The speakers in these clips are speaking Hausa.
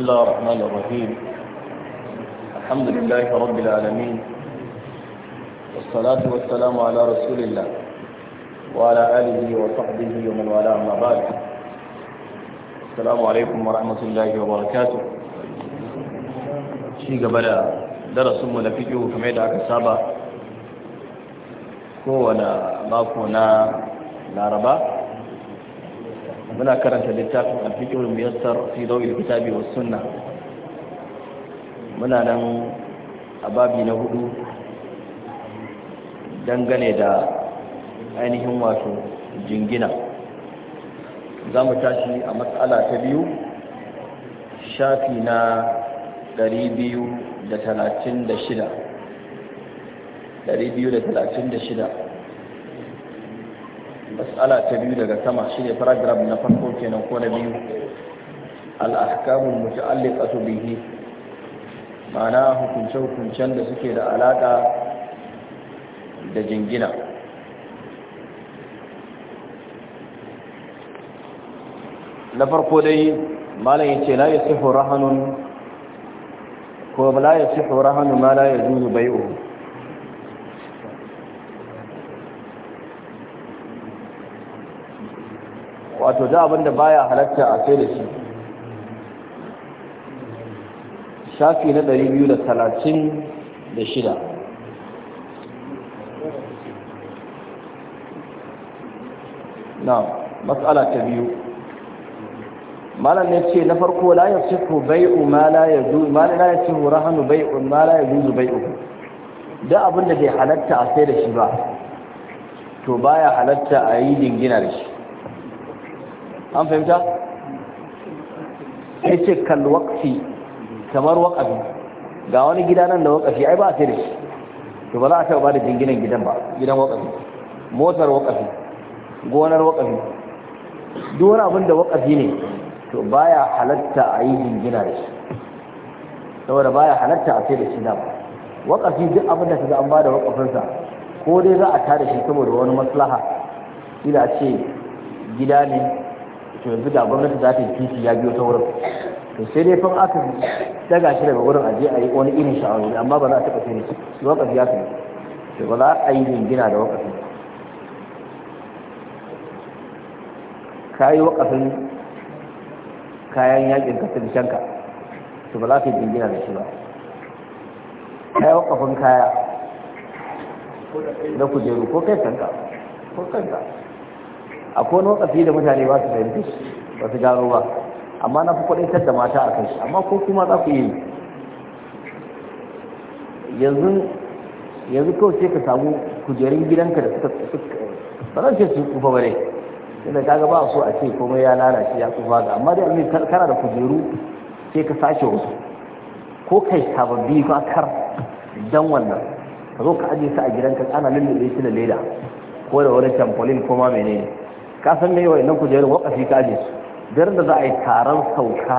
بسم الله الرحمن الرحيم الحمد لله رب العالمين والصلاة والسلام على رسول الله وعلى آله وصحبه ومن والاه أما بعد السلام عليكم ورحمة الله وبركاته شيء قبل درس ملفيه كما يدعك السابع كونا ماكونا لاربا muna karanta littafin alfikir muyassar fi dawi kitabi was sunna muna nan a babi na hudu dangane da ainihin wato jingina za mu tashi a matsala ta biyu shafi na da 236 mas'ala ta biyu daga sama shine paragraph na farko kenan ko na biyu al-ahkamul muta'alliqatu bihi ma'ana hukunce-hukuncen da suke da alaka da jingina na farko dai malam yace la yasihu rahanun ko la yasihu rahanun ma la yajuzu bai'uhu wato da abinda baya halatta a sai da shi shafi na 236 na matsala ta biyu malam ne ce na farko la yasihu bai'u ma la yajuz ma la yasihu rahanu bai'u ma la yajuz bai'u da abin da bai halatta a sai da shi ba to baya halatta a yi dingina da shi an fahimta ya ce kalwakfi kamar wakafi ga wani gida nan da wakafi ai ba a tere to ba za a taɓa ba da jinginan gidan ba gidan wakafi motar wakafi gonar wakafi duk wani abin da wakafi ne to baya halatta a yi jingina da shi saboda baya halatta a tere shi dama wakafi duk abin da kaga an ba da wakafinsa ko dai za a tare shi saboda wani maslaha ila ce gida ne to yanzu ga gwamnati za ta yi titi ya biyo ta wurin to sai dai fan aka daga shi daga wurin aje a yi wani irin sha'awari amma ba za a taɓa ne. Su wakafi ya kai to ba za a yi gina da wakafi ka yi wakafin kayan yakin ka shanka to ba za ka yi gina da shi ba ka yi wakafin kaya na kujeru ko kai kanka ko kanka akwai tsafi da mutane ba su fahimci ba su gano ba amma na fi kwaɗe da mata a kai amma ko kuma za ku yi yanzu yanzu kawai sai ka samu kujerun gidanka da suka ba zan ce su kufa ba ne ta kaga ba so a ce komai ya lalace ya kufa ga amma dai amma kana da kujeru sai ka sace wasu ko kai sababbi ba kar dan wannan ka zo ka ajiye su a gidanka ana lullube su da leda ko da wani tamfolin ko ma menene ka san me nan kujerun wakafi ka aje su garin da za a yi taron sauka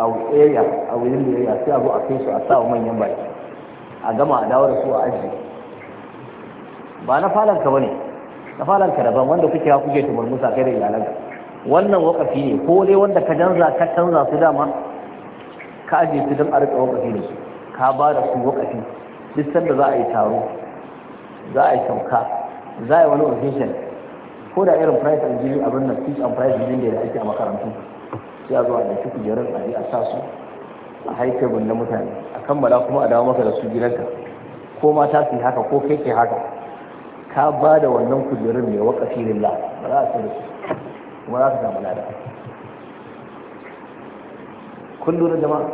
a area a wurin ya sai a zo a kai su a sa manyan baki a gama a dawo da su a aji ba na falanka bane na falanka daban wanda kuke ha kuke musa kai da iyalanka wannan wakafi ne ko dai wanda ka janza ka canza su dama ka aje su don a wakafi ne su ka ba da su wakafi duk sanda za a yi taro za a yi sauka za a yi wani ofishin. ko da irin price and giving abin nan teach and price giving da ake a makarantu sai a zo a ɗauki kujerun a je a sa su a haifebin na mutane a kammala kuma a dawo maka da su gidanka ko mata su yi haka ko kai ke haka ka ba da wannan kujerun mai wakafi lillah ba za a sa da su kuma za ka samu lada kun lura jama'a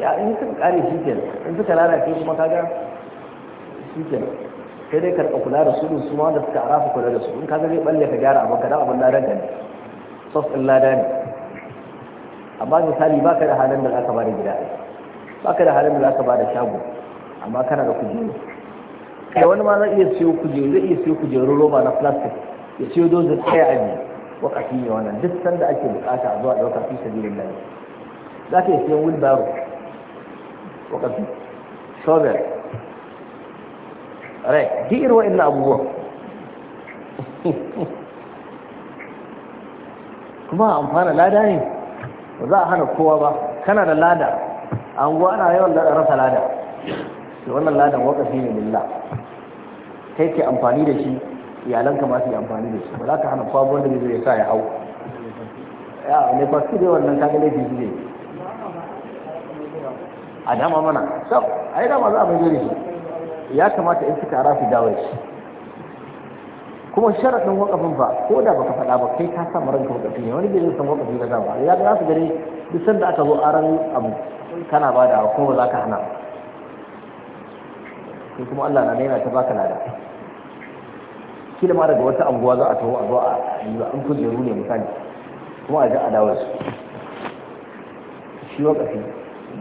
ya in suka kare shi kenan in suka lalace kuma kaga shi kenan kai dai karɓa kula da su su ma wanda suka arafa kula da su in ka zai balle ka gyara abin ka da abin ladan ne sos ɗin lada ne amma misali baka da halin da zaka bada gida baka da halin da zaka bada shago amma kana da kujeru kai wani ma zai iya siyo kujeru zai iya siyo kujeru roba na plastic ya siyo dozin ɗaya a biyu wakafi ne wannan duk sanda ake bukata a zuwa ɗaukar fi sabilin lalle za ka iya siyan wheelbarrow wakafi shovel rai duk irin wa'in abubuwan kuma amfana lada ne ba za a hana kowa ba kana da lada an gwana yawan da rasa lada shi wannan ladan wakafi ne lilla kai ke amfani da shi iyalanka masu yi amfani da shi ba za ka hana kowa wanda zai sa ya hau ya ne ba su dai wannan kaga laifi shi ne a dama mana sab a yi dama za a bai shi ya kamata in suka ara su dawo shi kuma sharaɗin wakafin ba ko da baka faɗa ba kai ka sa maranka wakafi ne wani bai san wakafi ka ba ya ga su gari duk sanda aka zo aran abu kana ba da ko ba za ka hana sai kuma Allah na naina ta baka lada kila ma daga wata anguwa za a taho a zo a yi an jeru ne misali kuma a a adawar su shi wakafi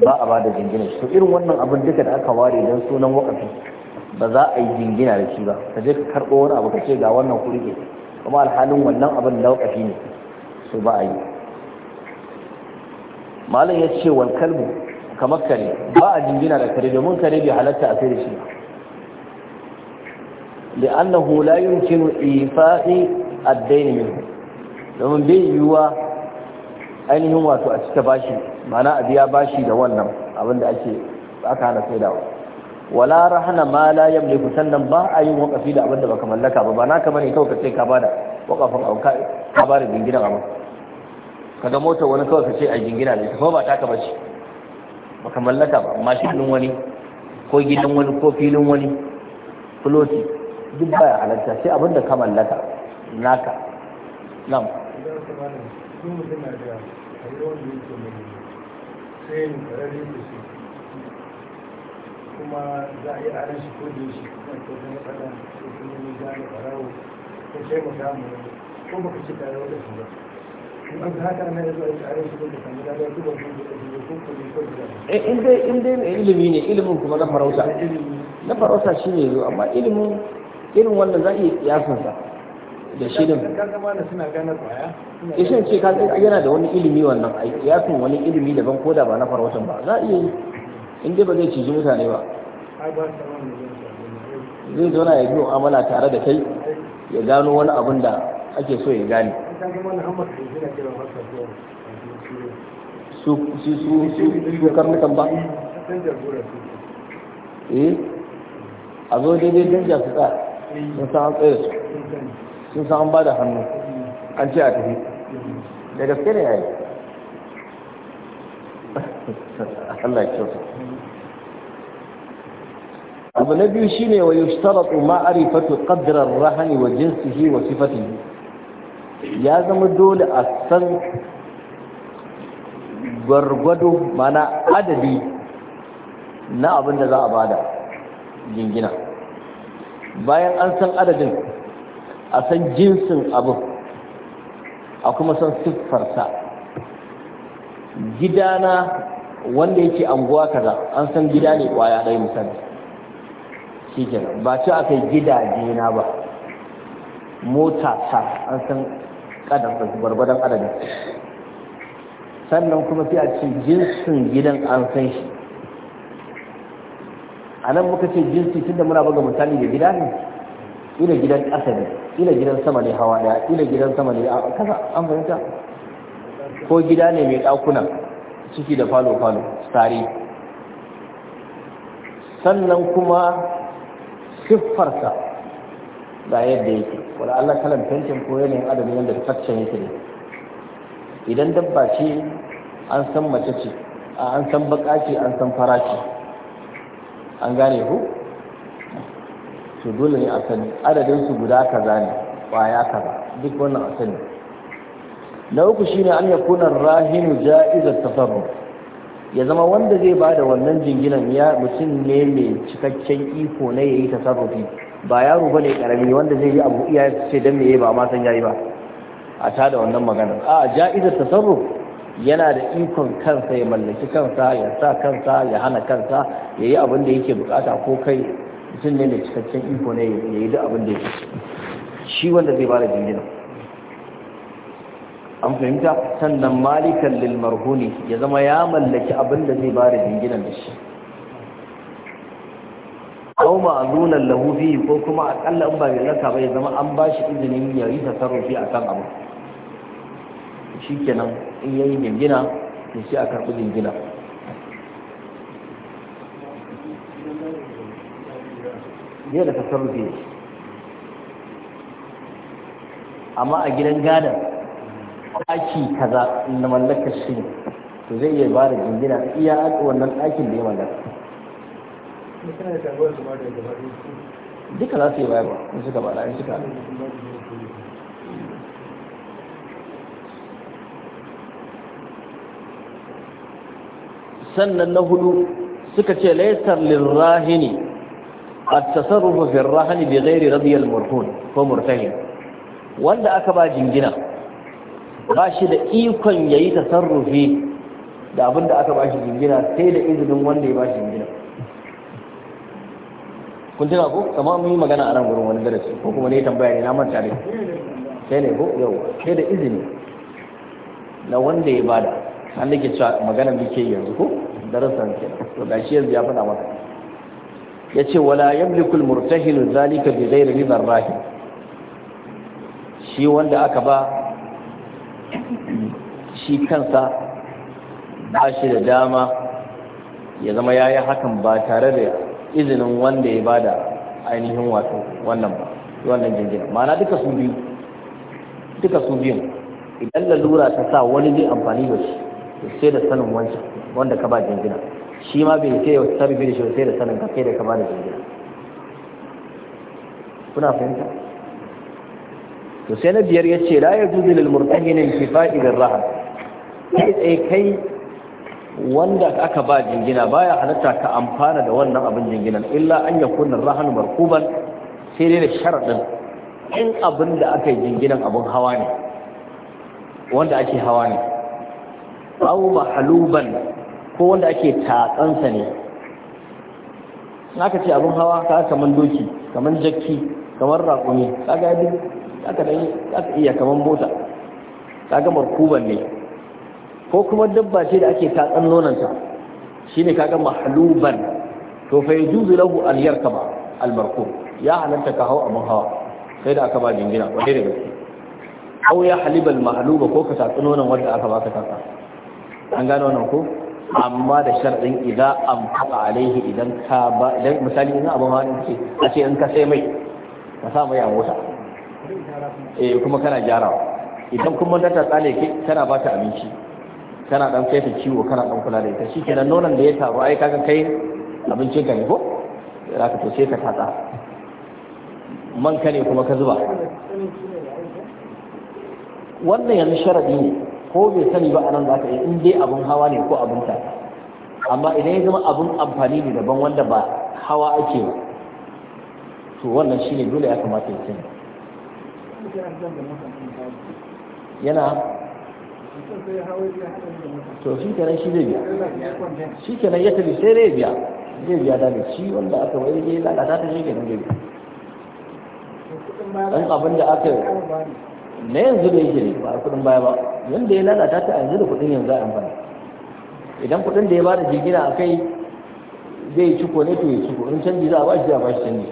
ba a ba da jingina su irin wannan abin duka da aka ware don sunan wakafi ba za a yi jingina da shi ba ka je ka karɓo wani abu ka ce ga wannan kurke kuma alhalin wannan abin lauƙafi ne so ba a yi malam ya ce wal kalbu kamar kare ba a jingina da kare domin kare bai halatta a sai da shi ba لأنه لا يمكن إيفاء الدين منه domin bai yiwuwa ainihin wato a cika bashi ma'ana a biya bashi da wannan abinda ake aka hana sai da wasu wala rahana ma la yamliku sannan ba a yi wakafi da abin da baka mallaka ba ba na kamar ne kawai ka ce ka bada wakafin auka ka bada jingina ba. ka ga motar wani kawai ka ce a jingina ne ta ba taka bace baka mallaka ba amma shi wani ko gidan wani ko filin wani filoti duk baya halarta sai abin da ka mallaka naka nam sai kuma za a yi a ran shi ko da shi kan ko ne, faɗa ko kuma ne za a farawo ko sai mu samu ko baka ci tare da su ba in an haka na yanzu a yi a ran shi ko da kan da da duba ko da su ko ko ko da eh, in dai in dai ilimi ne ilimin kuma na farauta na farauta shi ne yanzu amma ilimin irin wannan za a iya kiyasansa da Ya ishin eh, ce ka yana da wani ilimi wannan a kiyasin wani ilimi daban ko da ba na farautan ba za a iya yi in dai ba zai ciji mutane ba zai zauna ya biyo amana tare da kai ya gano wani abin da ake so ya gane su karnukan ba eh a zo daidai danja su tsaya sun san an tsaye su sun san an ba da hannu an ce a tafi da gaske ne ya yi Allah ya kyauta abu na biyu shine wa yushtaratu ma'rifatu qadra ar rahani wa jinsihi wa sifatin ya zama dole a san gwargwado mana adadi na abin da za a bada jingina bayan an san adadin a san jinsin abin a kuma san siffarsa gidana wanda yake anguwa kaza an san gida ne kwaya ɗaya misali shi ba ce aka yi gidaje na ba mota ta an san kadarsa gwargwadon adadin sannan kuma sai a ce jinsin gidan an san shi a nan muka ce jinsi tunda muna buga misali da gida ne ila gidan ƙasa ne ila gidan sama ne hawa ɗaya ila gidan sama ne a kasa an fahimta ko gida ne mai ɗakuna ciki da falo-falo tare sannan kuma siffarsa ga yadda yake Wani Allah kalan fentin ko yanayin adadin yadda faccen yake ne idan dabba ce an san mace ce an san baka ce an san fara ce an gane ku to dole ne a sani adadin su guda kaza ne kwaya kaza duk wannan a sani na uku shine an yakuna rahinu ja'izat tasarruf ya zama wanda zai ba da wannan jinginan ya mutum ne mai cikakken iko na yayi tasarrufi ba yaro ba ne karami wanda zai yi abu iya ce dan me ba ma san yayi ba a ta da wannan magana a ja'izar tasarruf yana da ikon kansa ya mallaki kansa ya sa kansa ya hana kansa ya yi abin da yake bukata ko kai mutum ne mai cikakken iko ne ya yi duk abin da yake shi wanda zai ba da jinginan an fahimta sannan malikan lil marhuni ya zama ya mallaki abinda da zai bada dinginan da shi aw ma'zunan lahu fi ko kuma akalla in ba mai raka ba ya zama an ba shi izinin ya yi a kan abu shikenan in ya yayi dingina to shi a karɓi dingina ne da tasarrufi amma a gidan gadon ɗaki kaza na mallaka shi to zai iya bada jingina iya wannan ɗakin da ya mallaka duka za su yi bayarwa in suka ba in suka sannan na hudu suka ce laisar lirrahini a tasarrufa firrahani bi gairi rabiyar murhun ko murtahin wanda aka ba jingina ba shi da ikon ya yi tasarrufi da abin da aka ba shi jingina sai da izinin wanda ya ba shi jingina kun tuna ko kama mun yi magana a ran gurin wani darasi ko kuma ne tambaya ne na manta ne sai ne ko yau sai da izini na wanda ya bada an da ke cewa magana muke yanzu ko darasan ke to gashi yanzu ya faɗa maka yace wala yamliku almurtahil zalika bi ghairi ridar rahim shi wanda aka ba shi kansa ba shi da dama ya zama ya yi hakan ba tare da izinin wanda ya bada ainihin wato wannan ba wannan jirgin ma'ana duka su biyu duka su biyun idan lalura ta sa wani zai amfani da shi sai da sanin wancan wanda ka ba jirgin shi ma bai sai wata sarrafi da shi sai da sanin ka sai da ka ba da jirgin kuna fahimta to sai na biyar ya ce la ya zuzi lil murtahin kifa'i da rahab kai tsaye kai wanda aka ba jingina baya halatta ka amfana da wannan abin jinginan illa an ya kunna rahan markuban sai dai da sharadin in abin da aka yi jinginan abin hawa ne wanda ake hawa ne aw mahaluban ko wanda ake tatsansa ne in aka ce abin hawa ka kaman doki kaman jakki kamar raƙumi kaga duk aka dan aka iya kaman mota kaga markuban ne ko kuma dabba ce da ake tatsan nonanta shine kaga mahluban to fa yajuzu lahu an yarkaba al markub ya halatta ka hawa abun hawa sai da aka ba jingina wani da gaske aw ya halibal mahluba ko ka tatsi nonon wanda aka ba ka tatsa an gano wannan ko amma da sharadin idan an faɗa alaihi idan ka ba misali ina abin hawa ce a ce in ka sai mai ka sa mai a mota eh kuma kana gyarawa idan kuma ta tsale ke kana ba ta abinci kana dan kai ta ciwo kana dan kula da ita shikenan nonon da ya taru ai kaga kai abincin ka ne ko ka to sai ka tatsa man ka ne kuma ka zuba wannan yanzu sharadi ne ko bai sani ba anan zaka yi in dai abun hawa ne ko abun ta amma idan ya zama abun amfani ne daban wanda ba hawa ake ba to wannan shine dole ya kamata ya sani yana to shi kenan shi zai biya shi kenan ya tafi sai zai biya zai biya da shi wanda aka wai zai lalata ta shi kenan zai biya dan abin da aka na yanzu da yake ne ba kudin baya ba yanda ya lalata ta yanzu da kudin yanzu a amfani idan kudin da ya bada jigina a kai zai ciko ne to ya ciko in canji za a bashi za a bashi canji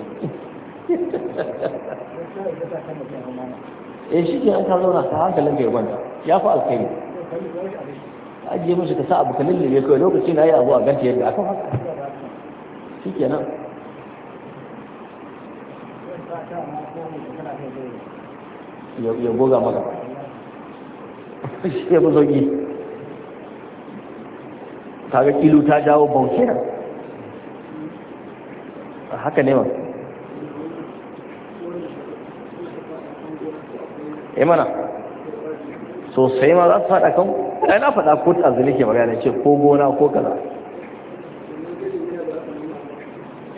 eh shi ke an kazo zauna ta hankalin da ya gwanda, ya fi alkhairi ajiye mashi ka sa abu ka lullube kawai lokaci na yi abu a ganta yadda aka haka shi ke nan ya goga maka shi ya fi Ta kaga ilu ta jawo bauke haka ne ma eh mana sosai ma za su faɗa kan ai na faɗa ko ta tsazini ke magana ce ko gona ko kaza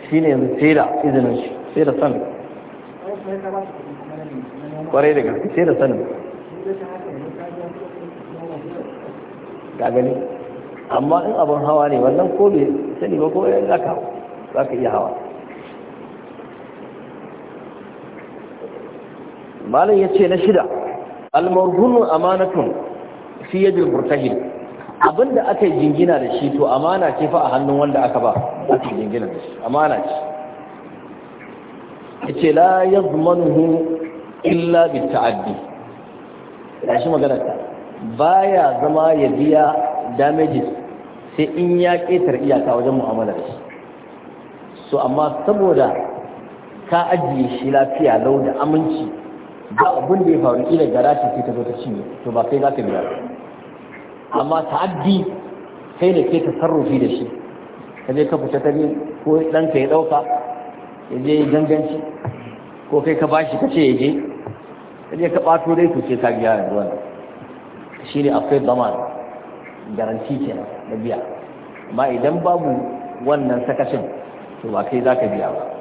shi ne yanzu sai da izinin shi sai da sanin kwarai da sai da sanin ga gani amma in abin hawa ne wannan ko bai sani ba ko yan za ka iya hawa malam yace na shida al amanatun fi yadi al abinda aka jingina da shi to amana ce fa a hannun wanda aka ba aka jingina da shi amana ce yace la yazmanuhu illa bi ta'addi shi magana ta baya zama ya biya damages sai in ya ketar iyaka wajen mu'amalar shi so amma saboda ka ajiye shi lafiya lau da aminci ba abin da ya faru ila gara ce ta zo ta ne to ba kai za ka biya amma ta'addi kai da ke tasarrufi da shi ka je ka fita ta ko ɗanka ya ɗauka ya je ganganci ko kai ka bashi ka ce ya je ka je ka ɓato dai to ce ka biya yanzu wannan shi ne akwai zama garanti ce na biya amma idan babu wannan sakashin to ba kai za ka biya ba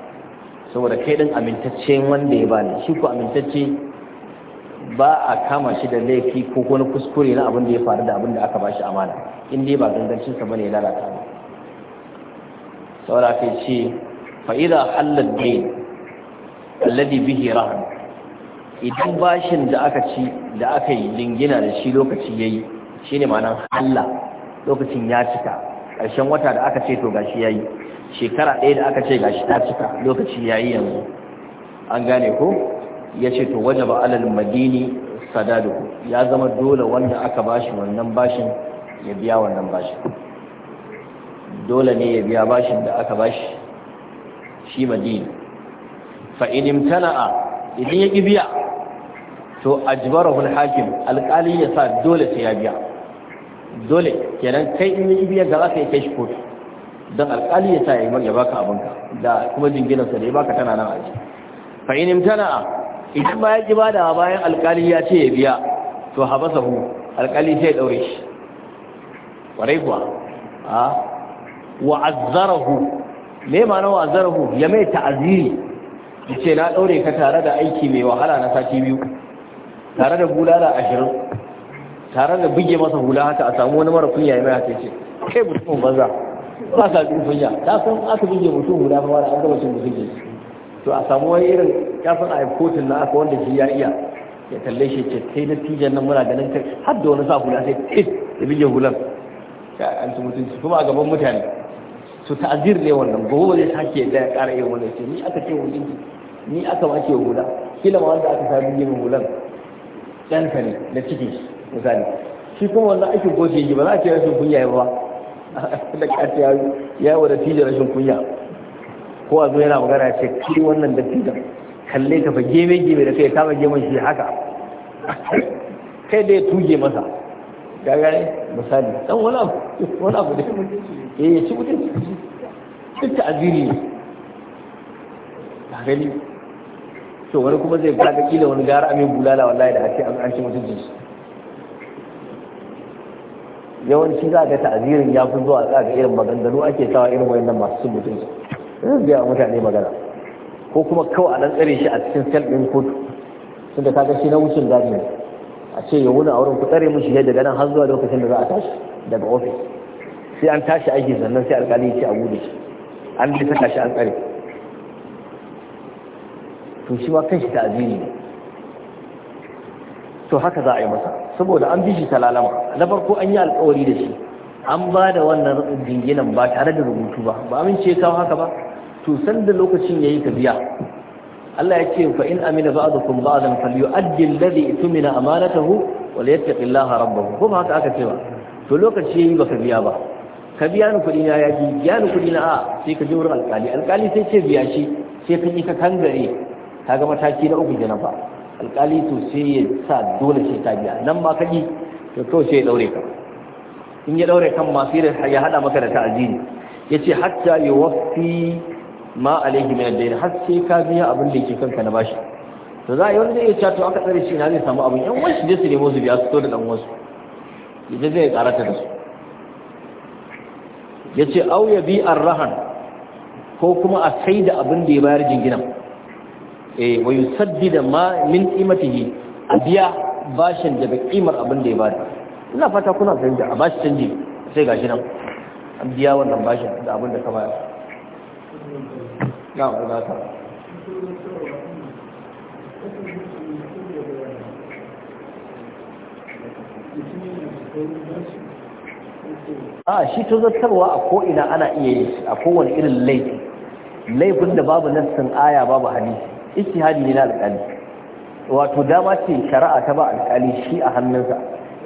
saboda kai din amintacce wanda ya bani shi ko amintacce ba a kama shi da laifi ko wani kuskure na abin da ya faru da abin da aka bashi amana in dai ba gangancin sa bane ya lalata ba saboda kai ce fa idza halal dayn alladhi bihi rahm idan bashin da aka ci da aka yi lingina da shi lokaci yayi shine ma'anar halla lokacin ya cika ƙarshen wata da aka ce to gashi yayi shekara ɗaya da aka ce gashi ta cika lokaci yayi yanzu an gane ko ya ce to waje ba alal madini sadaduku ya zama dole wanda aka bashi wannan bashin ya biya wannan bashin dole ne ya biya bashin da aka bashi shi madini fa in imtana'a idan ya biya to ajbarahu al-hakim alqali ya sa dole sai ya biya dole kenan kai in ya biya ga za ka kai shi kotu don alƙali ya tayi ya yi ya baka abinka da kuma sa da ya baka tana nan aji fa in imtana idan ba ya ki bada bayan alƙali ya ce ya biya to habasahu alƙali sai ya daure shi warai kuwa a wa azzarahu me ma'ana wa azzarahu ya mai ta'aziri ya ce na daure ka tare da aiki mai wahala na sati biyu tare da bulala ashirin tare da buge masa hula haka a samu wani mara kunya ya mai haka ce kai mutum banza ba sa jin kunya ta san aka bige mutum guda fa wani an gaba cin mutum to a samu wani irin ya san a kotun na aka wanda shi ya iya ya kalle shi ce sai na tijan nan muna ganin kai har da wani sa hula sai tit da bige hulan ka an mutum su kuma a gaban mutane su ta'azir ne wannan gobe zai sake da ya ƙara yin wannan ce ni aka ce wani ni aka ma ce hula kila ma wanda aka sami min hulan ɗanka ne na ciki misali shi kuma wannan ake goce shi ba za a ce rashin kunya ba da kace ya ya da tijar rashin kunya ko a zo yana magana ce ki wannan da tijar kalle ka fa geme geme da kai kama geman shi haka kai da ya tuje masa ga ne misali dan wani abu wani abu da eh ya ci mutunci duk ta aziri ta gani to wani kuma zai fada kila wani gara amin bulala wallahi da ake an ci mutunci yawanci za ga ta'azirin ya fi zuwa ga irin maganganu ake sawa irin nan masu sun mutum zai biya mutane magana ko kuma kawai a dan tsare shi a cikin sel din kotu tunda kaga shi na wucin gadi ne a ce ya wuna a wurin ku tsare mushi yadda ganin har zuwa lokacin da za a tashi daga ofis sai an tashi aiki sannan sai alkali ya ce a gudu shi an bi saka shi an tsare to shi ma shi ta'aziri ne to haka za a yi masa saboda an bi shi talalama na farko an yi alkawari da shi an ba da wannan dinginan ba tare da rubutu ba ba amince kawo haka ba to sanda lokacin yayi ka biya Allah ya ce fa in amina ba'dukum ba'dan falyu'addi alladhi tumina amanatahu wa liyattaqillaha rabbahu ko ba haka aka ce ba to lokaci yayi baka biya ba ka biya ni kuɗi na ya ji biya ni kuɗi na a sai ka je wurin alƙali alƙali sai ce biya shi sai ka yi ka kangare kaga mataki na uku kenan ba Alƙali to sai ya sa dole sai ta biya nan ma kaji to to sai ya daure ka in ya daure kan masu sai ya hada maka da ta'azini yace hatta yuwaffi ma alayhi min ad-dayn har sai ka biya abin da yake kanka na bashi to za a yi wanda ya ce to aka tsare shi na zai samu abin yan wasu da su nemo su biya su to da dan wasu idan zai karata da su yace au ya bi ar-rahan ko kuma a sai da abin da ya bayar jinginan eh wa yusaddida ma min qimatihi a biya bashin daga kimar abin da ya bada ina fata kuna fahimta a bashi canji sai gashi nan an biya wannan bashin da abin da ka baya. na ga ta a shi zartarwa a ko'ina ana iya yi a kowane irin laifi laifin da babu nassin aya babu hadisi ijtihadi ne na alƙali wato dama ce shari'a ta ba alƙali shi a hannunsa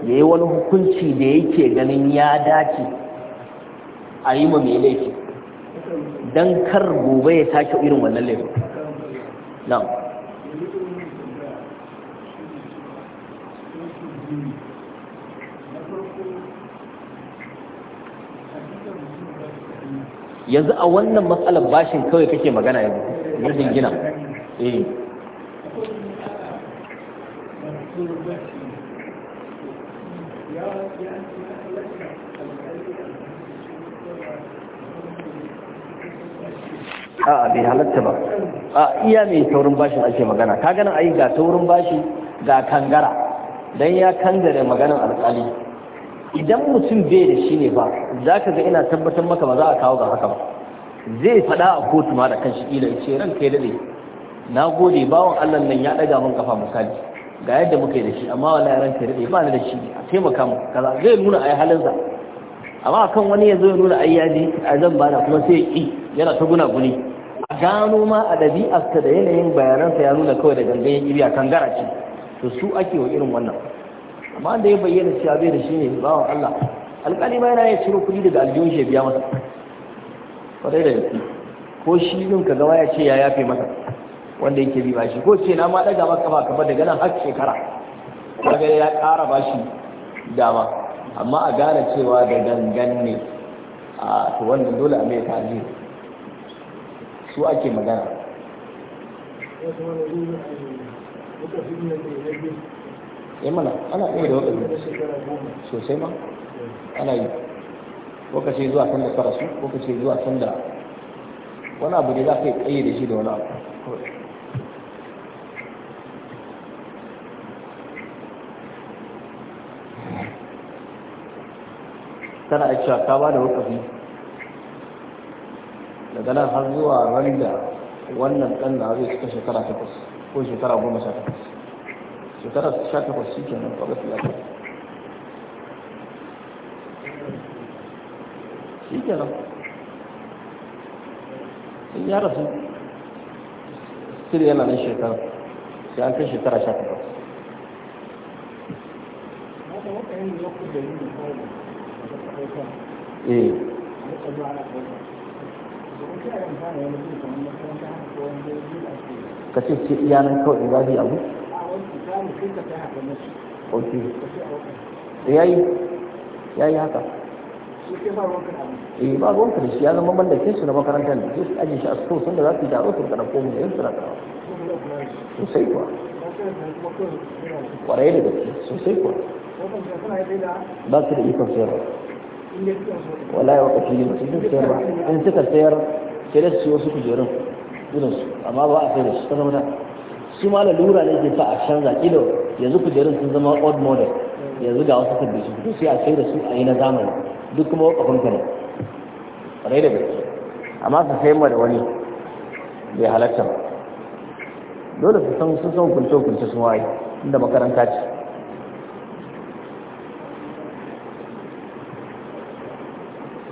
ya yi wani hukunci da yake ganin ya dace a yi ma mai laifi don kar gobe ya sake irin wannan laifin yanzu a wannan matsalar bashin kawai kake magana yanzu na gina. a eh. a'a bai halatta ba a iya mai taurin bashin ake magana ka ganin yi ga taurin bashi ga kangara don ya kangare maganar alƙali idan mutum bai da shi ne ba za ka ga ina tabbatar maka ba za a kawo ga haka ba zai faɗa a kotu ma da kan shi ila ce ran kai dade na gode bawan Allah nan ya daga mun kafa misali ga yadda muka yi da shi amma wallahi ranka rade ba ni da shi a taimaka mu kaza zai nuna ai halinsa amma kan wani ya zo ya nuna ai yaji a zan bana kuma sai ki yana ta guna guni a gano ma a ɗabi'arsa da yanayin bayanansa ya nuna kawai da gangan ya kibiya kangara ce to su ake wa irin wannan amma da ya bayyana cewa bai da shi ne bawan Allah alƙali ma yana ya ciro kuɗi daga aljihun shi ya biya masa kwarai da ko shi ka gawa ya ce ya yafe masa wanda yake bi bashi ko ce na ma daga maka ba kamar daga nan har shekara daga ya kara bashi dama amma a gane cewa da gangan ne a to wannan dole a mai taji su ake magana ya eh mana ana iya da wakafi sosai ma ana yi lokaci zuwa kan da farasu lokaci zuwa kan da wani abu ne za ka yi tsaye da shi da wani abu kana a cewa ka ba da wakafi daga nan har zuwa ran da wannan ɗan na zai cika shekara takwas ko shekara goma sha takwas shekara sha takwas shi ke nan kawai ya kai shi ke nan sai ya rasu sir yana nan shekara sai an kai shekara sha takwas Eh. ka ce ce iya nan kawai za su yi abu? ok eh, ya yi ya yi haka eh ba ruwan ka shi ya zama mallakin su na makarantar da su ajiye shi a sto sun da za su yi taro su kana komai da yansu na karawa sosai kuwa kwarai da gaske sosai kuwa ba su da ikon sayarwa wallahi wakafi ne su duk sayarwa ba in suka sayar sai da su wasu kujerun irin su amma ba a sayar da su ta zama su ma lura ne ke sa a canza kilo yanzu kujerun sun zama old model yanzu ga wasu sabbi su sai a da su a yi na zamani duk kuma wakafin ka ne rai da gaske amma su sayar ma da wani bai halatta dole su san sun san kunce-kunce sun waye inda makaranta ce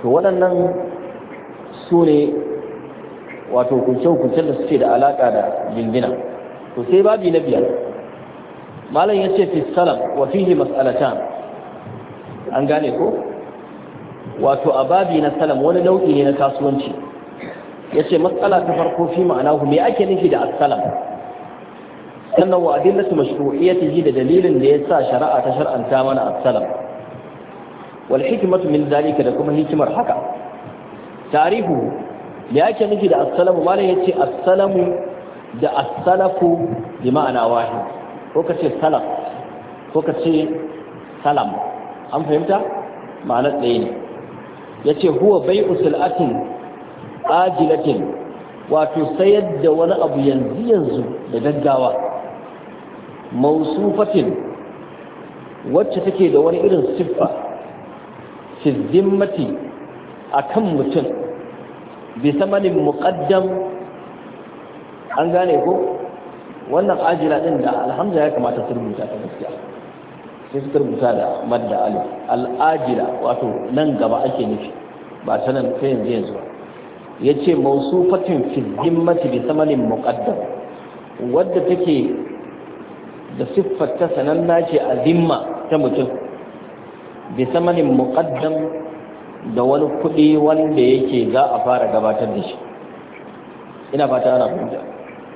to waɗannan su ne wato kunce-kuncen da suke da alaƙa da jingina to sai babi na biyar malam ya ce fi salam wa fihi mas'alatan an gane ko wato a babi na salam wani nau'i ne na kasuwanci ya ce matsala ta farko fi ma'anahu me ake nufi da assalam sannan wa adillatu mashru'iyyatihi da dalilin da ya sa shari'a ta shar'anta mana assalam wal hikmatu min zalika da kuma hikimar haka tarihu da yake nufi da assalamu malam yace assalamu da as-salafu bi ma'ana wahid ko kace salaf ko kace salam an fahimta ma'anar ɗaya ne yace huwa bai'u sil'atin ajilatin wato sayar da wani abu yanzu yanzu da gaggawa mausufatin wacce take da wani irin siffa fi zimmati kan mutum bi samanin muƙaddam an gane ko wannan ajila ɗin da alhamza ya kamata su rubuta ta gaskiya sai su rubuta da madda alif al'ajila wato nan gaba ake nufi ba ta nan sai yanzu yanzu ba ya ce mausufatin fi zimmati bi samanin muƙaddam. wadda take da siffar ta sananna ce a zimma ta mutum bi samanin muqaddam da wani kuɗi wanda yake za a fara gabatar da shi ina fata ana fahimta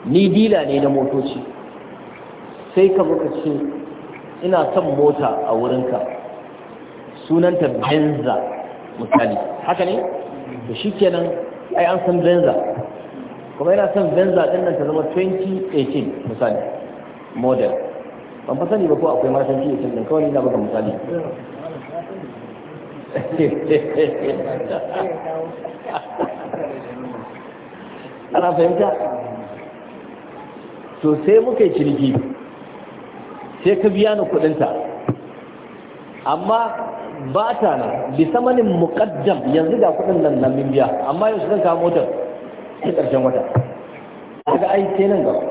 ni dila ne na motoci sai ka muka ce ina son mota a wurinka sunanta benza misali haka ne da shi kenan ai an san benza kuma ina son benza ɗin nan ta zama 2018 misali model ban fa ba ko akwai matan 2018 ɗin kawai ina baka misali ana fahimta to sai muka yi ciniki sai ka biya ni kudinta amma ba ta na, bi samanin mukaddam yanzu ga kudin nan na min biya amma yanzu zan kawo motar ta karshen wata ga ai sai nan gaba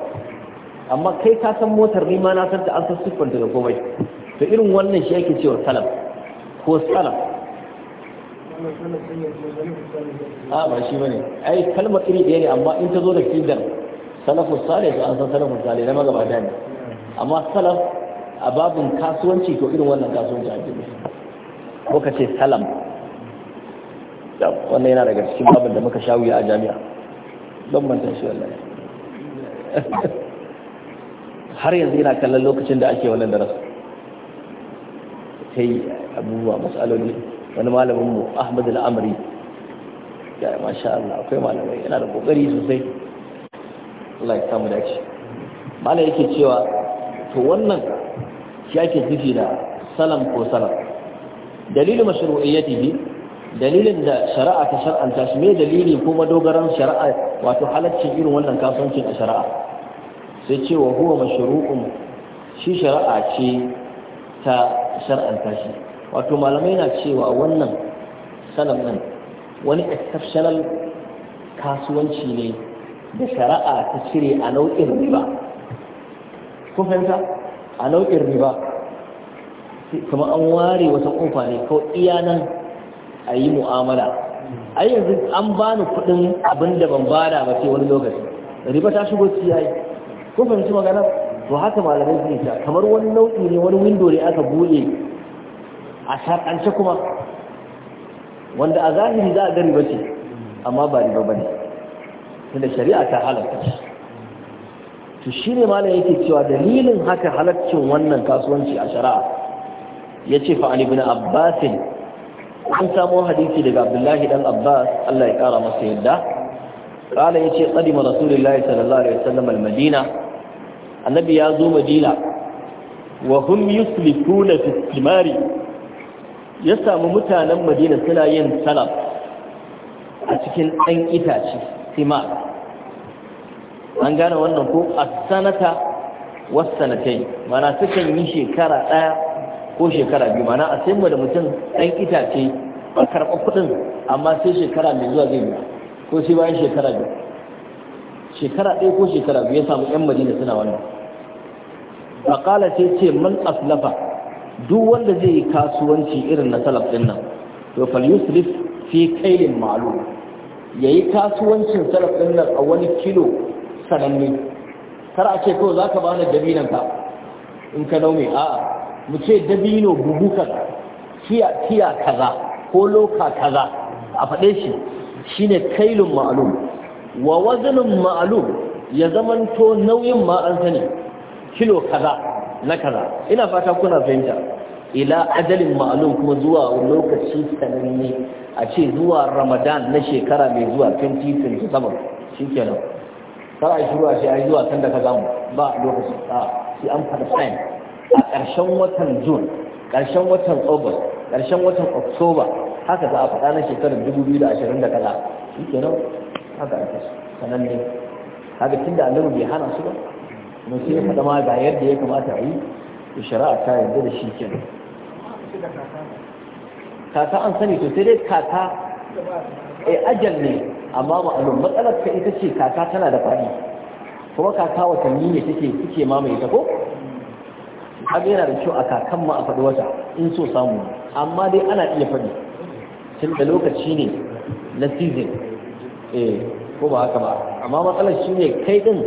amma kai ka san motar ni ma na san ta an san siffanta da komai to irin wannan shi yake cewa salam ko salam a ba shi bane ai kalmar iri ɗaya ne amma in ta zo da kidar salafu salih to an san salafu salih na da ne amma salaf a babin kasuwanci to irin wannan kasuwanci a jini. ko ka ce salam wannan yana daga cikin babin da muka sha wuya a jami'a don manta shi wallahi har yanzu ina kallon lokacin da ake wannan darasa kai abubuwa matsaloli wani malamin mu Ahmad al-Amri ya masha Allah akwai malamai yana da kokari sosai Allah ya da shi. malai yake cewa to wannan ya ke jifi da salam ko salam dalilin mashru'iyyatihi dalilin da shari'a ta shar'anta shi mai dalili ko dogaran shari'a wato halaccin irin wannan kasancin a shari'a sai cewa wa huwa mashru'un shi shari'a ce ta shar'anta shi wato malamai na cewa wannan sanan nan wani exceptional kasuwanci ne da shari'a ta cire a nau'in riba kun fahimta a nau'in riba kuma an ware wata kofa ne ko iya nan a yi mu'amala a yanzu an bani kudin abin da ban bada ba sai wani lokaci riba ta shigo ci yayi kun fahimci magana to haka malamai suke ta kamar wani nau'i ne wani windo ne aka bude a shar'ance kuma wanda a zahiri za a gari ba ce amma ba riba ba ne tunda shari'a ta halatta to shi ne malam yake cewa dalilin haka halaccin wannan kasuwanci a shari'a ya ce fa ibn abbasin an samo hadisi daga abdullahi dan abbas allah ya kara masa yadda kala ya ce qadima rasulullahi sallallahu alaihi wasallam al-madina annabi ya zo madina wa hum yuslikuna fi thimari ya samu mutanen madina suna yin salaf a cikin ɗan itace sima an gane wannan ko a sanata wasu sanatai mana sukan yi shekara ɗaya ko shekara biyu mana a sai da mutum ɗan itace a karɓar kuɗin amma sai shekara mai zuwa zai ko sai bayan shekara biyu shekara ɗaya ko shekara biyu ya samu ƴan madina suna wannan ƙala sai ce man aslafa duk wanda zai yi kasuwanci irin na salaf din nan to fal yusrif fi kailin ma'lum yayi kasuwancin salaf din nan a wani kilo sananne kar a ce kawai zaka bani dabinan ka in ka naume a'a mu ce dabino buhu kaza tiya kaza ko loka kaza a faɗe shi shine kailin ma'lum wa wazanin ma'lum ya zamanto nauyin ma kilo kaza na kaza ina fata kuna fahimta ila ajalin ma'alum kuma zuwa lokaci sananne a ce zuwa ramadan na shekara mai zuwa 2027 shi kenan kar a yi shuru a ce a yi zuwa sanda ka zamu ba lokaci a shi an faɗa time a ƙarshen watan june ƙarshen watan august ƙarshen watan october haka za a faɗa na shekarar 2020 kaza shi kenan haka ake sananne haka tun da annabi bai hana su ba kuma sai ya faɗa ma ga yadda ya kamata a yi da shari'a ta yadda da shi kenan kaka an sani to sai dai kaka a eh, ajal ne amma ma'alum matsalar ka ita ce kaka tana da faɗi kuma kaka watanni ne take suke mamaye ta ko haka yana da kyau a kakan ma a faɗi wata in so samu amma dai ana iya faɗi tun da lokaci ne na season eh ko ba haka ba amma matsalar shi ne kai din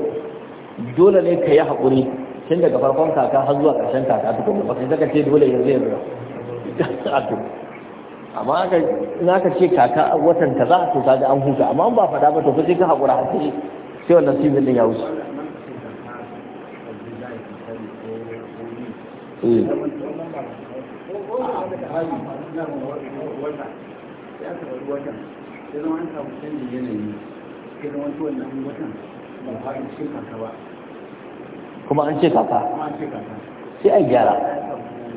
dole ne ka yi haƙuri tun daga farkon kaka har zuwa ƙarshen kaka duk wanda baka zaka ce dole yanzu yanzu to amma aka in aka ce kaka a watan ka za to kaga an huta amma ba faɗa ba to ka sai ka haƙura har sai sai wannan sibin din ya wuce zama an samu canjin yanayi sai zama wannan watan kuma an ce kaka sai a gyara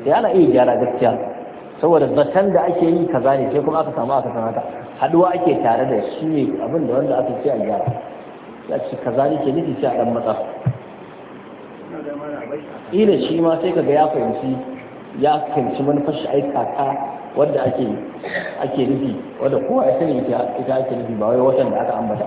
sai ana iya gyara gaskiya saboda zaton da ake yi kaza ne sai kuma aka samu aka sanata haduwa ake tare da shi ne abin da wanda aka ce a gyara ya ce kaza ne ke nufi ce a dan matsa ila shi ma sai kaga ya fahimci ya fahimci manufashi aika ta kaka wanda ake nufi wadda kowa ya sani ita ake nufi ba wai watan da aka ambata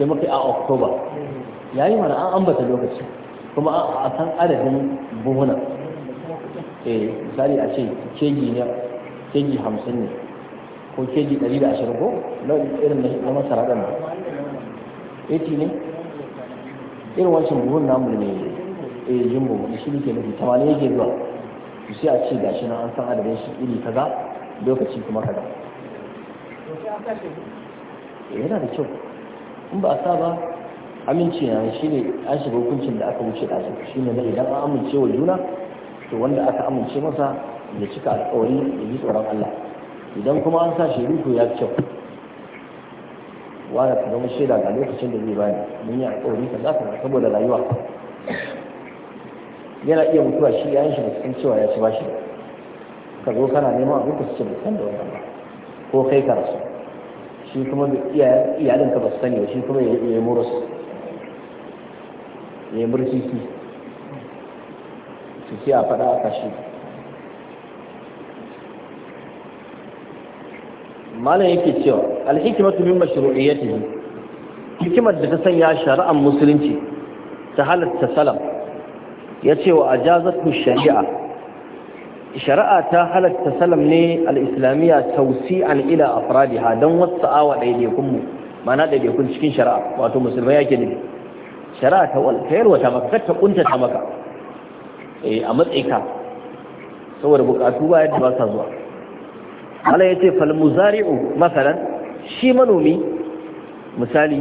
sai muka a oktoba ya yi mana an ambata lokaci kuma a san adadin buhuna eh misali a ce keji ne keji hamsin ne ko keji ɗari da ashirin ko na irin na masara ɗan eti ne irin wancan buhun namu ne eh jimbo da shi ne ke nufi tamanin yake zuwa sai a ce shi na an san adadin shi iri kaza lokaci kuma kaza eh, yana da kyau in ba sa ba aminci na shi ne an shiga hukuncin da aka wuce ɗazu shi ne na idan an amince wa juna to wanda aka amince masa ya cika alkawari ya ji tsoron Allah idan kuma an sa shi rufe ya kyau wanda ka zama shaida ga lokacin da zai bani mun yi alkawari ka za ka saboda rayuwa yana iya mutuwa shi ya shi cikin cewa ya ci bashi ka zo kana neman abin ka su ce da ba. ko kai ka rasu shi kuma iyalinka ba su sani shi kuma ya yi murus ya yi murtiki su sai a faɗa a kashi malam yake cewa alhikimatu min mashru'iyyatihi hikimar da ta sanya shari'ar musulunci ta halatta salam ya ce wa ajazatu shari'a shari'a ta halatta salam ne al-islamiyya tawsi'an ila afradiha wasu wasa'awa daidaikun mu mana daidaikun cikin shari'a wato musulmai yake ne shari'a ta wal ta maka ta kunta ta maka eh a ka saboda bukatu ba yadda ba sa zuwa Allah yace fal muzari'u masalan shi manomi misali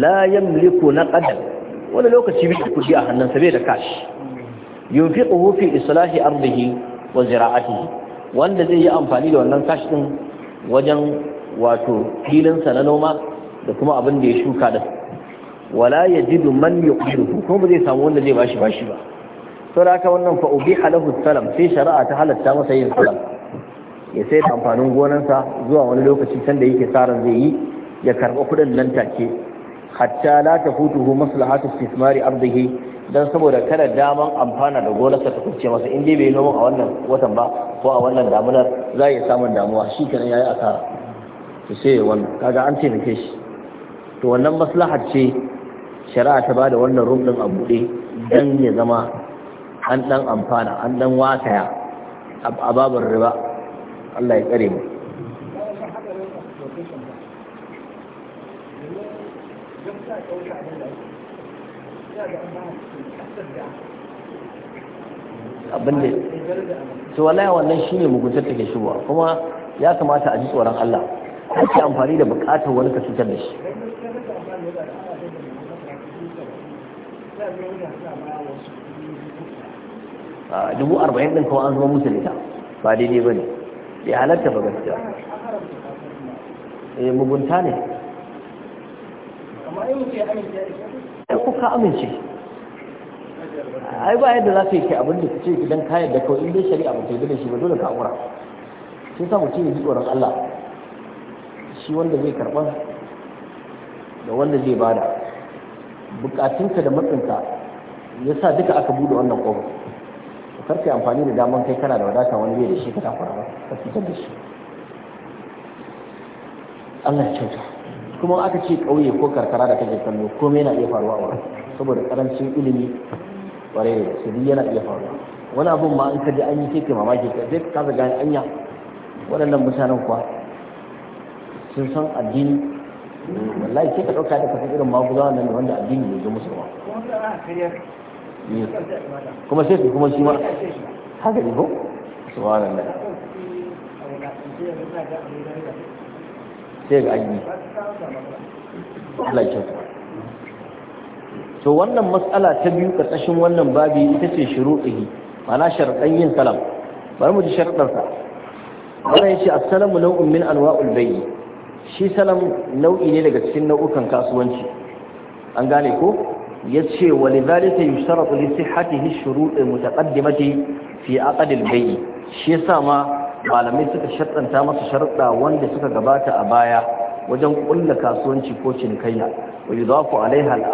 la yamliku naqadan wani lokaci bai kudi a hannunsa bai da kashi yunfiquhu fi islahi ardihi wa zira'atihi wanda zai yi amfani da wannan kash din wajen wato filinsa na noma da kuma abin da ya shuka da wala yajidu man yuqiruhu kuma zai samu wanda zai bashi bashi ba to da haka wannan fa ubiha lahu salam sai shari'a ta halatta masa yin salam ya sai amfanin gonarsa zuwa wani lokaci sanda yake tsarin zai yi ya karɓa kuɗin nan take hatta la tafutuhu maslahatu istismari ardihi don saboda kada daman amfana da gonarsa ta kuce masa in dai bai noma a wannan watan ba ko a wannan damunar za a iya samun damuwa shi kenan yayi asara to sai wannan kaga an taimake shi to wannan maslahar ce shari'a ta bada wannan rumdin a buɗe dan ya zama an dan amfana an dan wasaya a babar riba Allah ya kare mu abin da to wallahi wannan ne mugunta take shigowa kuma ya kamata a ji tsoron Allah ke amfani da bukatar wani ka cutar da shi dubu arba'in ɗin kawai an zama musu nita ba daidai ba ne ya halatta ba gaskiya eh mugunta ne ya kuka amince ai ba yadda za ka yi abin da ce gidan kayan da kawai inda dai shari'a ba ta yi da shi ba dole ka aura sai sa mutum ya ji tsoron Allah shi wanda zai karɓa da wanda zai bada bukatunka da matsinka ya sa duka aka buɗe wannan ƙofar karfe amfani da daman kai kana da wadata wani bai da shi ka tafara ba ka fitar da shi Allah ya kyauta kuma aka ce ƙauye ko karkara da kake kallo komai na iya faruwa a wurin saboda ƙarancin ilimi kwarai da su duk yana iya faruwa wani abun ma an kaji an yi sai kai mamaki ka sai ka gane anya waɗannan mutanen kuwa sun san addini wallahi sai ka ɗauka da kafin irin maguza nan da wanda addini ne ga musulma kuma sai su kuma shi ma haka ne ko subhanallah sai ga ainihi Allah ya kyauta to wannan matsala ta biyu karkashin wannan babi ita ce shuruɗihi ma'ana sharaɗan yin salam bari mu ji sharaɗarsa wannan a assalamu nau'un min anwa'ul bayyi shi salam nau'i ne daga cikin nau'ukan kasuwanci an gane ko yace sai yushtaratu li sihhatihi shuru'u mutaqaddimati fi aqd al-bayyi shi yasa ma malamai suka shartanta masa sharuɗa wanda suka gabata a baya wajen ƙulla kasuwanci ko cinikayya wa yudafu alaiha al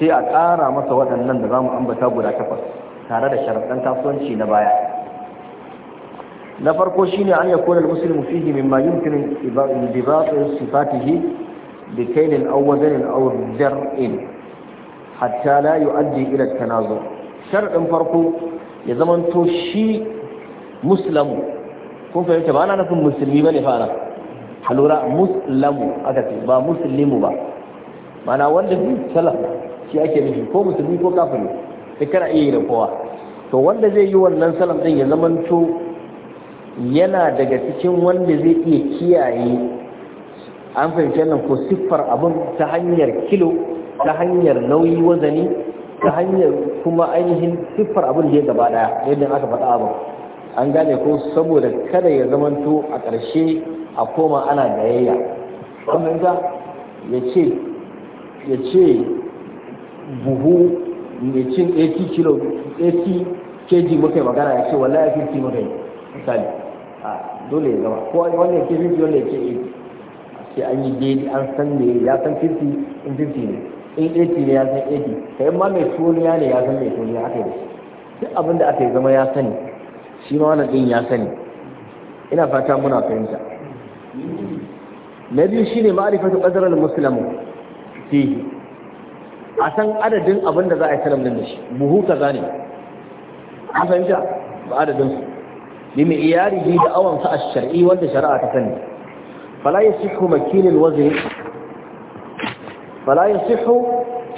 sai a ƙara masa waɗannan da za mu ambata guda takwas tare da sharaɗan kasuwanci na baya na farko shine an yakun al-muslim fihi mimma yumkin ibaq sifatihi bi kaylin aw wazanin aw zar'in hatta la yu'addi ila tanazu sharaɗin farko ya zamanto shi muslamu kun fahimta ba na nufin musulmi ba fa ana halura muslamu aka ce ba Musulmi ba mana wanda bi salaf shi ake nufi ko musulmi ko kafiri sai kana iya yi da kowa to wanda zai yi wannan salam din ya zamanto yana daga cikin wanda zai iya kiyaye an fahimci nan ko siffar abin ta hanyar kilo ta hanyar nauyi wazani ta hanyar kuma ainihin siffar abin da ya gaba daya yadda aka faɗa abin an gane ko saboda kada ya zamanto a ƙarshe a koma ana gayayya kuma ya ya ce buhu ne cin 80 kilo 80 kg muka magana ya ce wallahi 50 muka yi misali a dole zama ko wanda ya ke fi wanda ya ke 80 sai an yi daidai an san ne ya san 50 in 50 ne in 80 ne ya san 80 kai ma mai tuniya ne ya san mai tuniya aka yi duk abin da aka yi zama ya sani shi ma wannan din ya sani ina fata muna fahimta na biyu shine ma'rifatu qadar al-muslimu fihi a san adadin abin da za a yi salam da shi buhu kaza ne an fahimta ba adadin su limi iyarihi da awon sa a shar'i wanda shari'a ta sani Falayin yasihu makilin wazin fala yasihu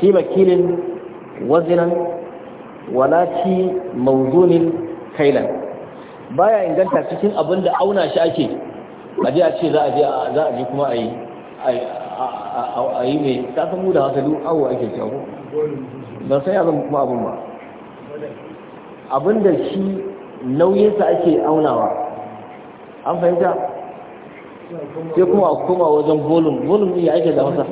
fi makilin wazinan walaci fi mawzunin kailan baya inganta cikin abin da auna shi ake a a ce za a je kuma a yi a yi mai kasan mu da haka duk awo ake cewa ko ba sai ya zama kuma abin ba abin da shi nauyinsa ake aunawa an fahimta sai kuma a koma wajen volum volum ne ake da masa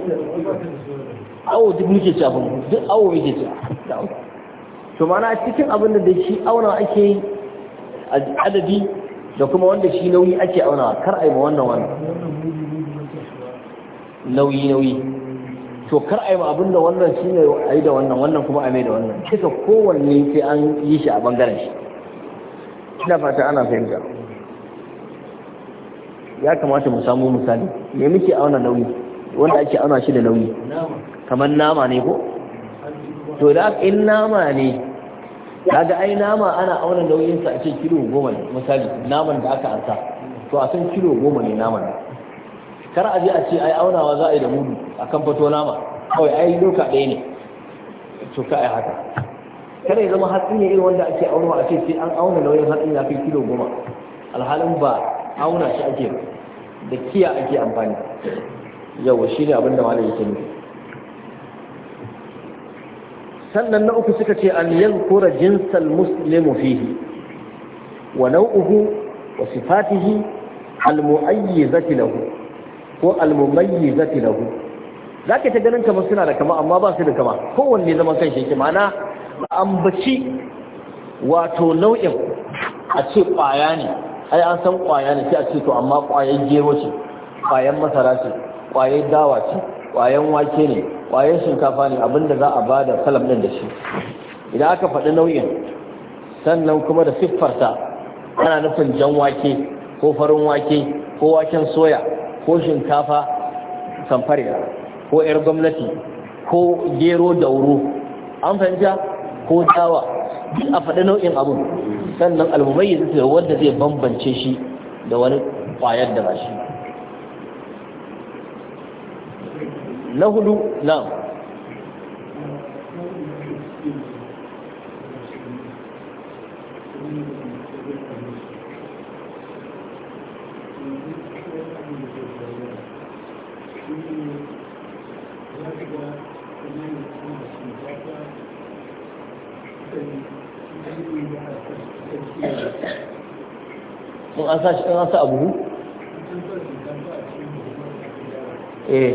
awo duk muke ci abin duk awo muke ci to mana cikin abin da shi auna ake adadi da kuma wanda shi nauyi ake aunawa, kar a yi ma wannan wannan nauyi nauyi to kar a yi abin da wannan shi ne a yi da wannan wannan kuma a mai da wannan kisa kowanne sai an yi shi a bangaren shi ina fata ana fahimta ya kamata mu samu misali me muke auna nauyi wanda ake auna shi da nauyi kamar nama ne ko to da in nama ne kaga ai nama ana auna nauyin sa a ce kilo goma ne misali naman da aka ansa to a san kilo goma ne naman kar a je a ce ai aunawa za a yi da mudu a kan fato nama kawai ai doka ɗaya ne to ka ai haka kada ya zama hatsi ne irin wanda ake aunawa a ce sai an auna nauyin hatsi ya fi kilo goma alhalin ba auna shi ake da kiya ake amfani yawa shi ne abinda malam yake nufi sannan na uku suka ce an yankura jinsal muslimu fihi wa nau'uhu wa sifatihi al-mu'ayyizati lahu ko da lahu zaka ta ganin kamar suna da kama amma ba su da kama kowanne zaman kanshi yake ma'ana ambaci wato nau'in a ce kwaya ne ai an san kwaya ne sai a ce to amma kwayan gero ce kwayan masara ce kwayan dawa ce kwayan wake ne kwayan shinkafa ne abinda za a bada salam din da shi idan aka faɗi nau'in sannan kuma da siffarta, ana nufin jan wake ko farin wake ko waken soya ko shinkafa samfariya ko 'yar gwamnati ko gero da wuro, an fahimta ko dawa duk a faɗi nau'in abu, sannan su zai wanda zai bambance shi da wani ƙwayar da ba shi na hudu na an sa shi an sa abu eh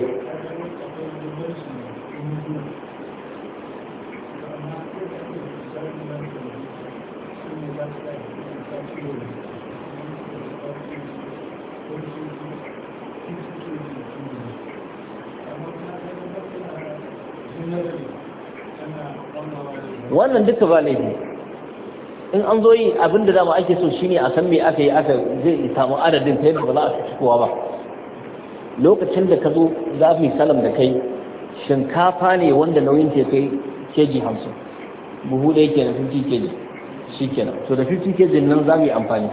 wannan duka ba laifi in an zo yi abin da dama ake so shine a san me aka yi aka zai samu adadin ta yadda ba za a cikowa ba lokacin da ka zo za mu salam da kai shinkafa ne wanda nauyin ta kai keji hamsin buhu ɗaya kenan ke keji shi kenan to da ke keji nan za mu yi amfani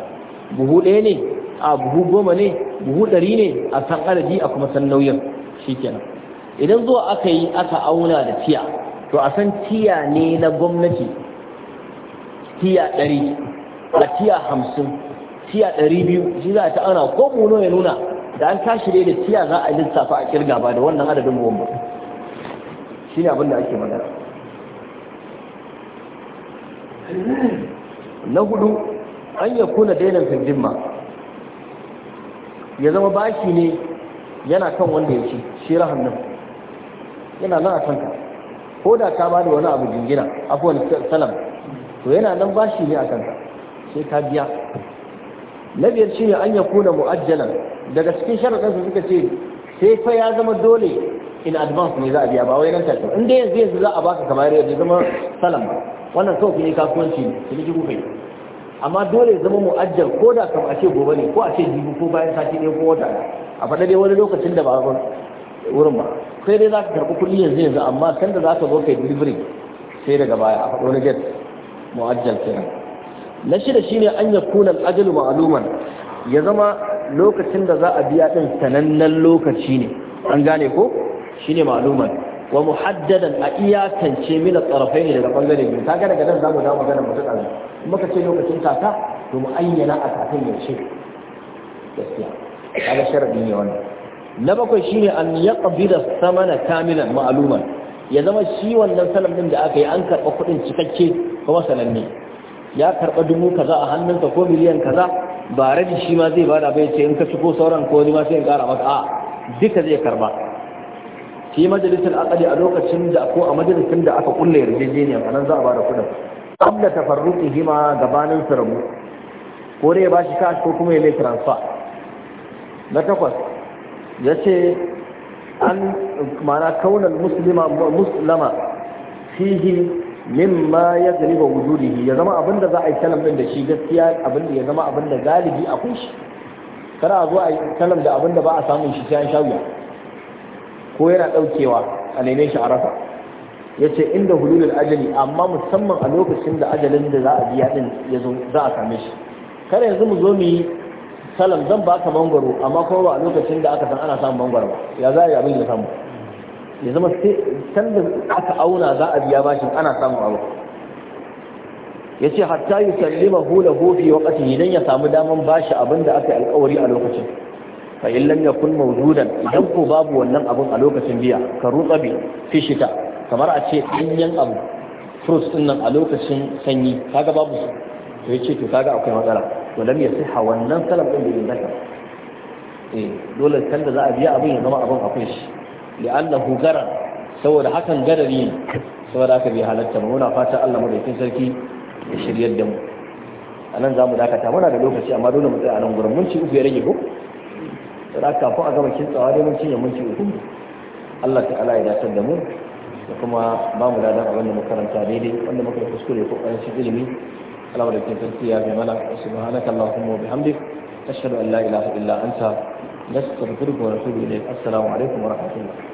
buhu ɗaya ne a buhu goma ne buhu ɗari ne a san adadi a kuma san nauyin shi kenan idan zuwa aka yi aka auna da tiya to a san tiya ne na gwamnati tiya ɗari a tiya hamsin tiya ɗari biyu shi za ta ana ko muno ya nuna da an tashi dai da tiya za a lissafa a kirga ba da wannan adadin buwan ba shi ne abin da ake magana na hudu an ya kuna dainan ma ya zama bashi ne yana kan wanda ya ci shi rahan nan yana nan a kanka ko da ka ba da wani abu jingina abuwan salam to yana nan bashi ne a kanka sai ka biya na biyar shi ne an ya kuna mu'ajjalan daga cikin sharaɗansu suka ce sai fa ya zama dole in advance ne za a biya ba wai nan tashi inda yanzu yanzu za a baka kamar yadda zama salam wannan kawai ne kasuwanci ne ki kuka yi amma dole zama mu'ajjal ko da kam a ce gobe ne ko a ce jibi ko bayan sati ɗaya ko wata a faɗa dai wani lokacin da ba a wurin ba sai dai za ka karɓi kuɗi yanzu yanzu amma sanda za ka zo kai delivery sai daga baya a faɗo na jet mu'ajjal kenan na shida shine an yakuna al-ajal ma'luman ya zama lokacin da za a biya din sanannen lokaci ne an gane ko shine ma'luman wa muhaddadan a iyakance mina tsarafai ne daga bangare biyu kaga daga nan zamu dawo magana mutum a muka ce lokacin kaka to mu ayyana a kakan yaushe gaskiya kaga sharadi ne wannan na bakwai shine an yaqbida samana kamilan ma'luman ya zama shi wannan salam din da aka yi an karɓa kuɗin cikakke kuma sananne ya karɓa dubu kaza a hannunsa ko miliyan kaza ba rabi shi ma zai bada bai ce in ka ko sauran ko ni ma sai in ƙara maka a duka zai karɓa shi majalisar akali a lokacin da ko a majalisar da aka kulle yarjejeniya a nan za a bada kuɗin abda tafarruƙi hima gabanin su rabu ko dai ya bashi kashi ko kuma ya mai transfer na takwas ya ce an mana kaunar muslima muslima fihi mimma ya galiba wujudihi ya zama abin da za a yi kalam din da shi gaskiya abin da ya zama abin da galibi a kunshi, kada a zo a yi kalam da abin da ba a samun shi sai an shawiya ko yana daukewa a neme shi a rasa ya ce inda hululul ajali amma musamman a lokacin da ajalin da za a biya din ya zo za a same shi kada yanzu mu zo mu yi salam zan baka mangwaro amma kuma ba a lokacin da aka san ana samun mangwaro ba ya za a yi abin ya samu ya zama san aka auna za a biya bashin ana samun abu ya ce hatta yi sallima hula hofi wa ƙasa idan ya samu daman bashi abin da aka yi alkawari a lokacin fa in lam kun mawjudan idan ko babu wannan abin a lokacin biya ka rutsa bi fi shita kamar a ce ɗanyen abu fruits ɗinnan nan a lokacin sanyi kaga babu su to ya ce to kaga akwai matsala to lam yasiha wannan salaf din bai inganta eh dole kan da za a biya abin ya zama abin akwai shi li'annahu garar saboda hakan gadari ne saboda aka biya halatta mu muna fata Allah madaukakin sarki ya shiryar da mu a nan za mu dakata muna da lokaci amma dole mu tsaya a nan gurin mun ci uku ya rage ko da kafin a gama kintsawa dai mun cinye mun ci uku Allah ya da mu da kuma ba mu da muka karanta daidai wanda muka kuskure ko ƙarancin ilimi Allah da ke sarki ya bi mana subhanaka allahumma wa bihamdik ashhadu an la ilaha illa anta nastaghfiruka wa natubu ilayk assalamu alaikum wa rahmatullah